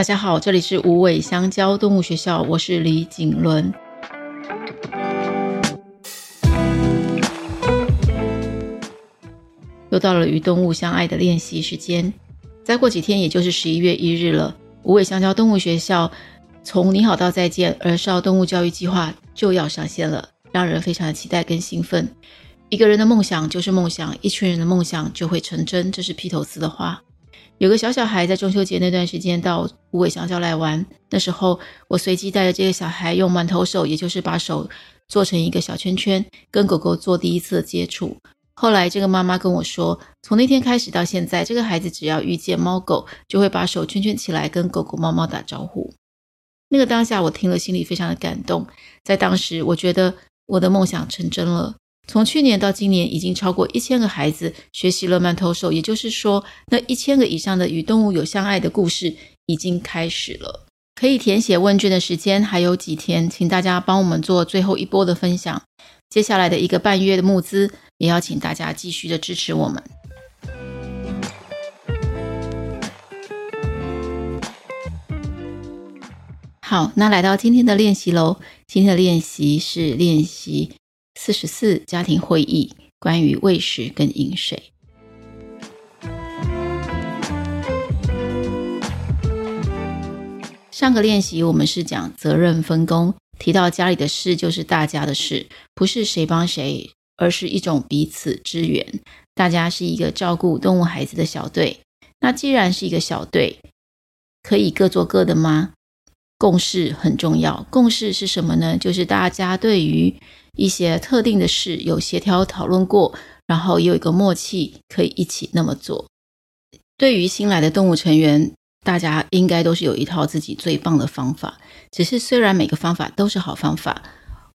大家好，這裡是無尾香蕉動物學校，我是李瑾倫。又到了與動物相愛的練習時間，再過幾天也就是十一月一日了。無尾香蕉動物學校從你好到再見兒少動物教育計劃就要上線了，讓人非常期待跟興奮。一個人的夢想就是夢想，一群人的夢想就會成真，這是披頭四的話。有個小小孩在中秋節那段時間到無尾香蕉來玩，那時候我隨機帶着這個小孩用饅頭手，也就是把手做成一個小圈圈，跟狗狗做第一次的接觸。後來這個媽媽跟我說，從那天開始到現在，這個孩子只要遇見貓狗，就會把手圈圈起來跟狗狗、貓貓打招呼。那個當下我聽了心裡非常的感動，在當時我覺得我的夢想成真了。從去年到今年，已經超過一千個孩子學習了慢投手，也就是說，那一千個以上的與動物有相愛的故事已經開始了。可以填寫問卷的時間還有幾天，請大家幫我們做最後一波的分享。接下來的一個半月的募資，也要請大家繼續的支持我們。好，那來到今天的練習嘍。今天的練習是練習四十四，家庭會議，關於餵食跟飲水。上個練習我們是講責任分工，提到家裡的事就是大家的事，不是誰幫誰，而是一種彼此支援。大家是一個照顧動物孩子的小隊。那既然是一個小隊，可以各做各的嗎？共識很重要。共識是什麼呢？就是大家對於一些特定的事有協調討論過，然後也有一個默契可以一起那麼做。對於新來的動物成員，大家應該都是有一套自己最棒的方法。只是雖然每個方法都是好方法，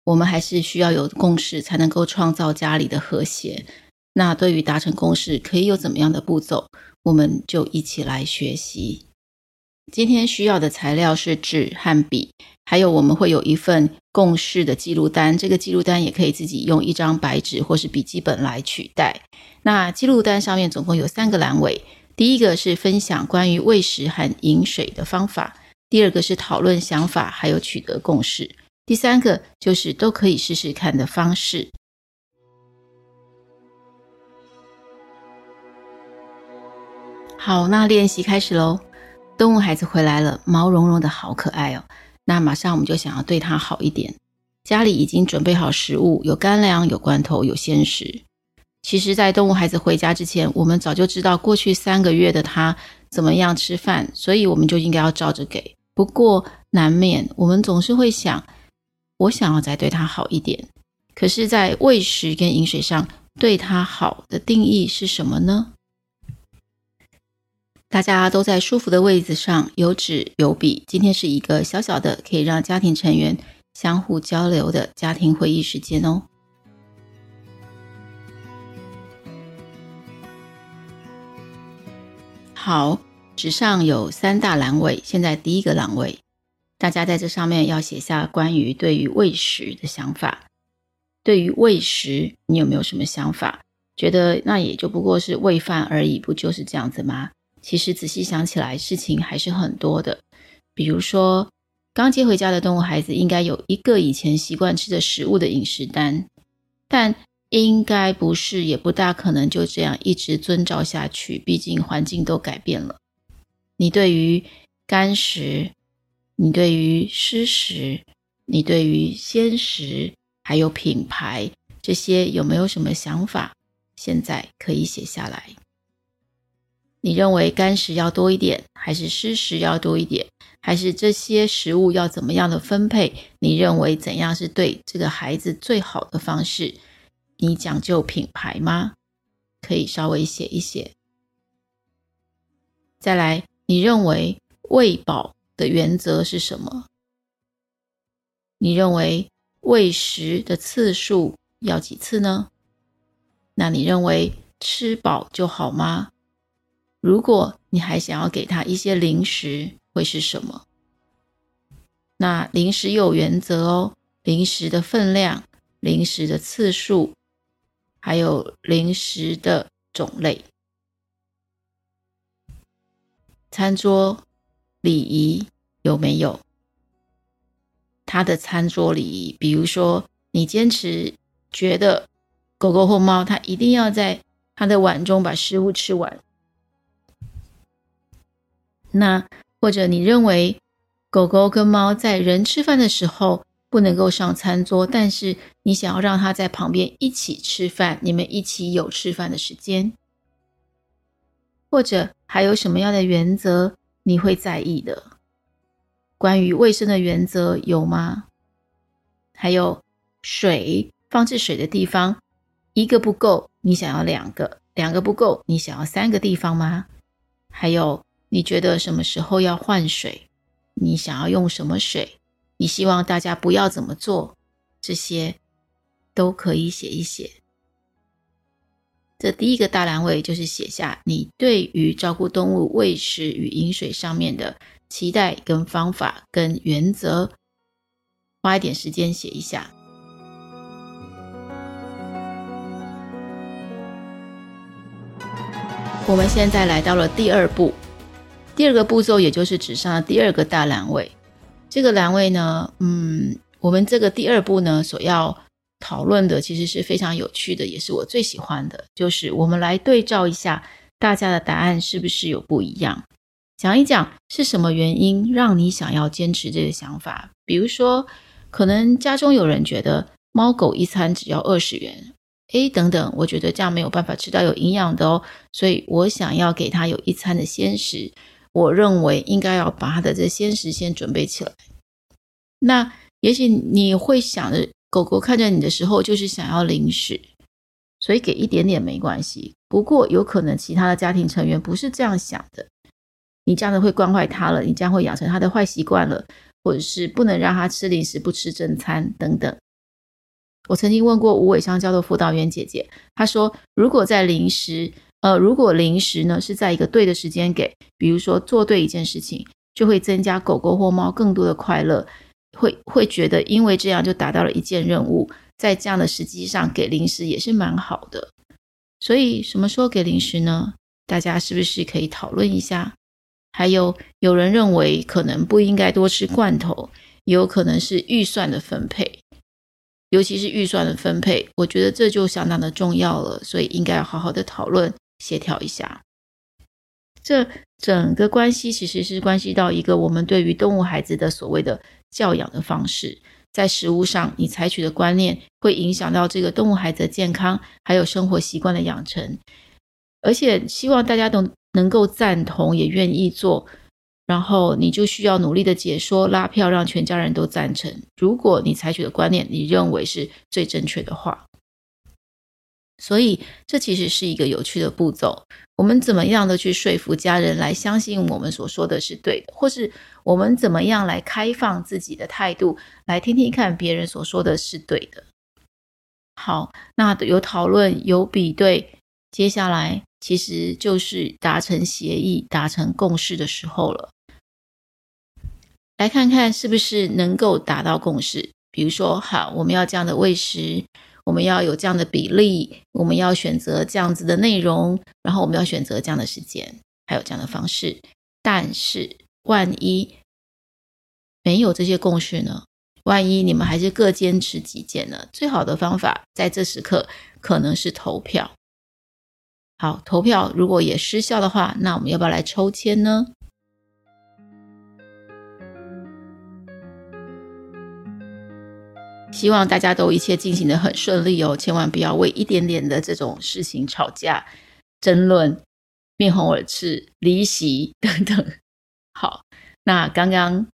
我們還是需要有共識才能夠創造家裡的和諧。那對於達成共識，可以有怎麼樣的步驟，我們就一起來學習。今天需要的材料是紙和筆，還有我們會有一份共識的記錄單。這個記錄單也可以自己用一張白紙或是筆記本來取代。那記錄單上面總共有三個欄位，第一個是分享關於餵食和飲水的方法，第二個是討論想法，還有取得共識，第三個就是都可以試試看的方式。好，那練習開始嘍。動物孩子回來了，毛茸茸的好可愛哦。那馬上我們就想要對它好一點。家裡已經準備好食物，有乾糧，有罐頭，有鮮食。其實，在動物孩子回家之前，我們早就知道過去三個月的它怎麼樣吃飯，所以我們就應該要照着給。不過，難免我們總是會想，我想要再對它好一點。可是，在餵食跟飲水上，對它好的定義是什麼呢？大家都在舒服的位置上，有紙有筆。今天是一個小小的可以讓家庭成員相互交流的家庭會議時間哦。好，紙上有三大欄位，現在第一個欄位，大家在這上面要寫下關於對於餵食的想法。對於餵食，你有沒有什麼想法？覺得那也就不過是餵飯而已，不就是這樣子嗎？其實仔細想起來，事情還是很多的。比如說，剛接回家的動物孩子應該有一個以前習慣吃的食物的飲食單，但應該不是，也不大可能就這樣一直遵照下去。畢竟環境都改變了。你對於乾食，你對於濕食，你對於鮮食，還有品牌這些，有沒有什麼想法？現在可以寫下來。你認為乾食要多一點，還是濕食要多一點，還是這些食物要怎麼樣的分配？你認為怎樣是對這個孩子最好的方式？你講究品牌嗎？可以稍微寫一寫。再來，你認為餵飽的原則是什麼？你認為餵食的次數要幾次呢？那你認為吃飽就好嗎？如果你還想要給他一些零食，會是什麼？那零食有原則哦，零食的分量、零食的次數，還有零食的種類。餐桌禮儀有沒有？他的餐桌禮儀，比如說，你堅持覺得狗狗或貓，它一定要在它的碗中把食物吃完。那或者你認為狗狗跟貓在人吃飯的時候不能夠上餐桌，但是你想要讓它在旁邊一起吃飯，你們一起有吃飯的時間，或者還有什麼樣的原則你會在意的？關於衛生的原則有嗎？還有水，放置水的地方，一個不夠，你想要兩個，兩個不夠，你想要三個地方嗎？還有？你覺得什麼時候要換水？你想要用什麼水？你希望大家不要怎麼做？這些都可以寫一寫。這第一個大欄位就是寫下你對於照顧動物餵食與飲水上面的期待跟方法跟原則，花一點時間寫一下。我們現在來到了第二步。第二個步驟，也就是紙上的第二個大欄位，這個欄位呢，嗯，我們這個第二步呢，所要討論的其實是非常有趣的，也是我最喜歡的，就是我們來對照一下大家的答案是不是有不一樣，講一講是什麼原因讓你想要堅持這個想法。比如說，可能家中有人覺得貓狗一餐只要二十元，哎，等等，我覺得這樣沒有辦法吃到有營養的哦，所以我想要給它有一餐的鮮食。我認為應該要把他的這鮮食先準備起來。那也許你會想着，狗狗看着你的時候就是想要零食，所以給一點點沒關係。不過，有可能其他的家庭成員不是這樣想的，你這樣子會慣壞他了，你這樣會養成他的壞習慣了，或者是不能讓他吃零食，不吃正餐等等。我曾經問過無尾香蕉的輔導員姐姐，她說如果在零食。呃，如果零食呢是在一個對的時間給，比如說做對一件事情，就會增加狗狗或貓更多的快樂，會會覺得因為這樣就達到了一件任務，在這樣的時機上給零食也是蠻好的。所以什麼時候給零食呢？大家是不是可以討論一下？還有有人認為可能不應該多吃罐頭，有可能是預算的分配，尤其是預算的分配，我覺得這就相當的重要了，所以應該要好好的討論。協調一下，這整個關係其實是關係到一個我們對於動物孩子的所謂的教養的方式，在食物上你採取的觀念，會影響到這個動物孩子的健康，還有生活習慣的養成。而且希望大家都能夠贊同，也願意做，然後你就需要努力的解說，拉票，讓全家人都贊成。如果你採取的觀念，你認為是最正確的話。所以，這其實是一個有趣的步驟。我們怎麼樣的去說服家人來相信我們所說的是對的，或是我們怎麼樣來開放自己的態度，來聽聽看別人所說的是對的。好，那有討論，有比對，接下來其實就是達成協議、達成共識的時候了。來看看是不是能夠達到共識。比如說，好，我們要這樣的餵食。我們要有這樣的比例，我們要選擇這樣子的內容，然後我們要選擇這樣的時間，還有這樣的方式。但是萬一沒有這些共識呢？萬一你們還是各堅持己見呢？最好的方法在這時刻可能是投票。好，投票如果也失效的話，那我們要不要來抽籤呢？希望大家都一切進行得很順利哦，千萬不要為一點點的這種事情吵架、爭論、面紅耳赤、離席等等。好，那剛剛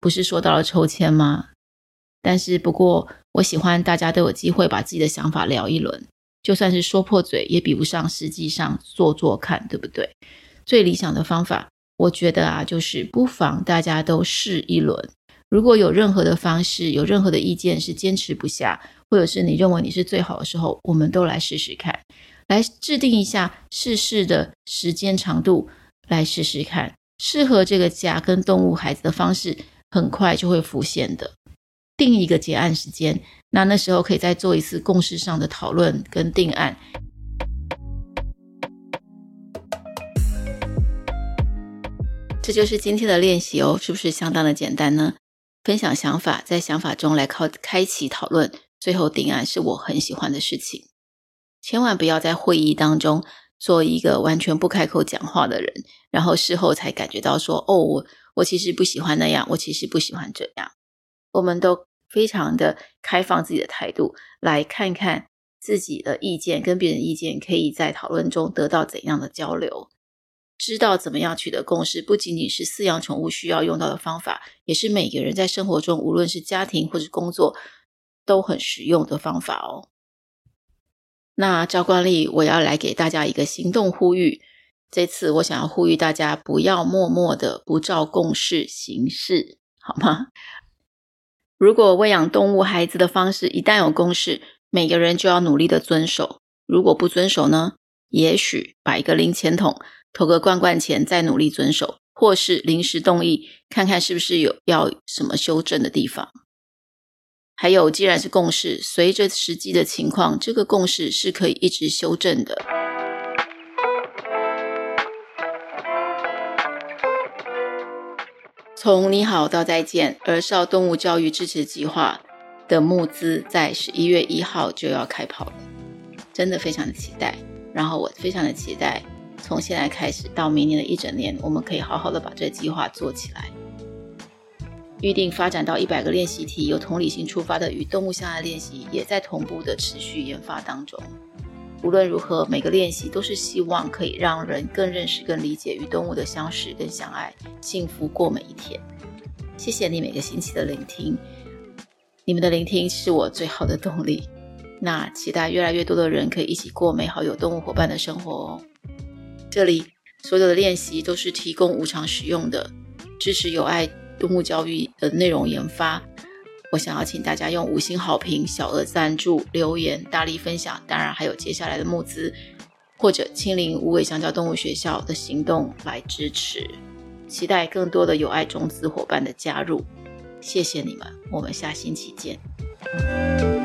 不是說到了抽籤嗎？但是不過，我喜歡大家都有機會把自己的想法聊一輪，就算是說破嘴，也比不上實際上做做看，對不對？最理想的方法，我覺得啊，就是不妨大家都試一輪。如果有任何的方式，有任何的意見是堅持不下，或者是你認為你是最好的時候，我們都來試試看，來制定一下試試的時間長度，來試試看適合這個家跟動物孩子的方式，很快就會浮現的。定一個結案時間，那那時候可以再做一次共識上的討論跟定案。這就是今天的練習哦，是不是相當的簡單呢？分享想法，在想法中來靠開啟討論，最後定案是我很喜歡的事情。千萬不要在會議當中做一個完全不開口講話的人，然後事後才感覺到說：“哦，我我其實不喜歡那樣，我其實不喜歡這樣。”我們都非常的開放自己的態度，來看看自己的意見跟別人意見可以在討論中得到怎樣的交流。知道怎麼樣取得共識，不僅僅是飼養寵物需要用到的方法，也是每個人在生活中，無論是家庭或者工作，都很實用的方法哦。那照慣例，我要來給大家一個行動呼籲。這次我想要呼籲大家，不要默默的不照共識行事，好嗎？如果餵養動物孩子的方式一旦有共識，每個人就要努力的遵守。如果不遵守呢？也許把一個零錢筒，投個罐罐錢，再努力遵守，或是臨時動議，看看是不是有要什麼修正的地方。還有，既然是共識，隨着實際的情況，這個共識是可以一直修正的。從你好到再見，兒少動物教育支持計劃的募資在十一月一號就要開跑了，真的非常的期待。然後我非常的期待，從現在開始到明年的一整年，我們可以好好的把這計劃做起來。預定發展到一百個練習題，有同理心出發的與動物相愛練習，也在同步的持續研發當中。無論如何，每個練習都是希望可以讓人更認識、更理解與動物的相識跟相愛、幸福過每一天。謝謝你每個星期的聆聽，你們的聆聽是我最好的動力。那期待越來越多的人可以一起過美好有動物夥伴的生活哦。這裡所有的練習都是提供無償使用的，支持友愛動物教育的內容研發。我想要請大家用五星好評、小額贊助、留言、大力分享，當然還有接下來的募資或者親臨無尾香蕉動物學校的行動來支持。期待更多的友愛種子夥伴的加入，謝謝你們，我們下星期見。